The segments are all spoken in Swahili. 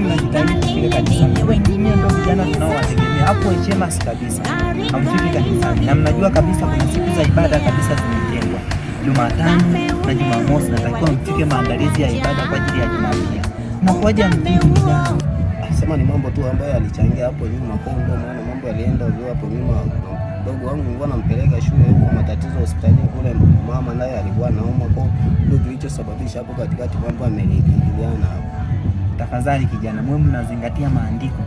vijana mnajitahidi kufika kanisani, kabisa, hamfiki kanisani na mnajua kabisa kuna siku za ibada kabisa zimetengwa, Jumatano na Jumamosi, natakiwa mfike maandalizi ya ibada kwa ajili ya Jumapili. Mnakuwaje Sema ni mambo tu ambayo alichangia hapo nyuma, kwa maana mambo yalienda hivyo hapo nyuma. Dogo wangu nilikuwa nampeleka shule huko, matatizo hospitalini kule, mama naye alikuwa anaumwa, kwa ndio kilichosababisha hapo katikati mambo yameingiliana hapo tafadhali kijana, mwe mnazingatia maandiko.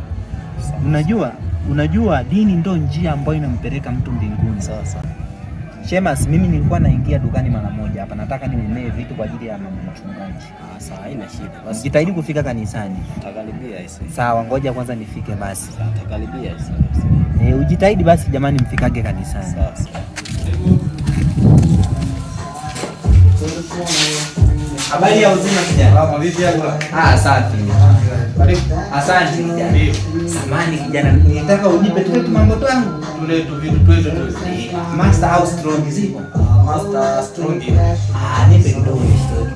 Unajua, unajua dini ndo njia ambayo inampeleka mtu mbinguni. Sasa Shemas, mimi nilikuwa naingia dukani mara moja hapa, nataka ninunue vitu kwa ajili ya mama mchungaji. Ah, sawa, haina shida. Basi jitahidi kufika kanisani. Takaribia hizi. Sawa, ngoja kwanza nifike basi. Sawa, takaribia Eh, ujitahidi basi jamani, mfikage kanisani. Sawa. Habari ya uzima kijana. Ah, safi. Asante kijana. Samani kijana, nitaka unipe tu tu mambo yangu. Tule tu vitu tu tu. Eh, master au strong zipo? Ah, master strong. Ah, nipe ndo kidogo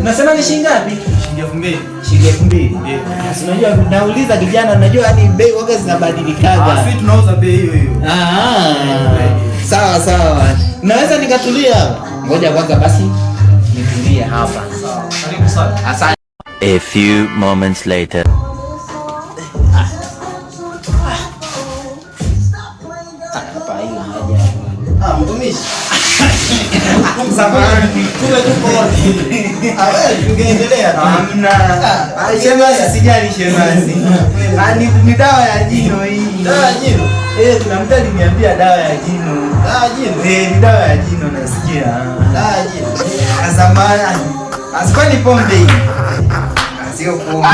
Unasema ni shilingi ngapi? Shilingi elfu mbili. Shilingi elfu mbili. Ah, unajua nauliza kijana, unajua yani bei waga zinabadilikaga. Ah, sisi tunauza bei hiyo hiyo. Ah. ah. Sawa sawa. Naweza nikatulia hapa? Ngoja kwanza basi nitulie hapa. Karibu sana. Asante. A few moments later. Ah, ah mtumishi. Ni dawa ya jino hii. Dawa ya jino. kuna mtu aliniambia dawa ya jino. ya jino. ni dawa ya jino nasikia. Sio pombe.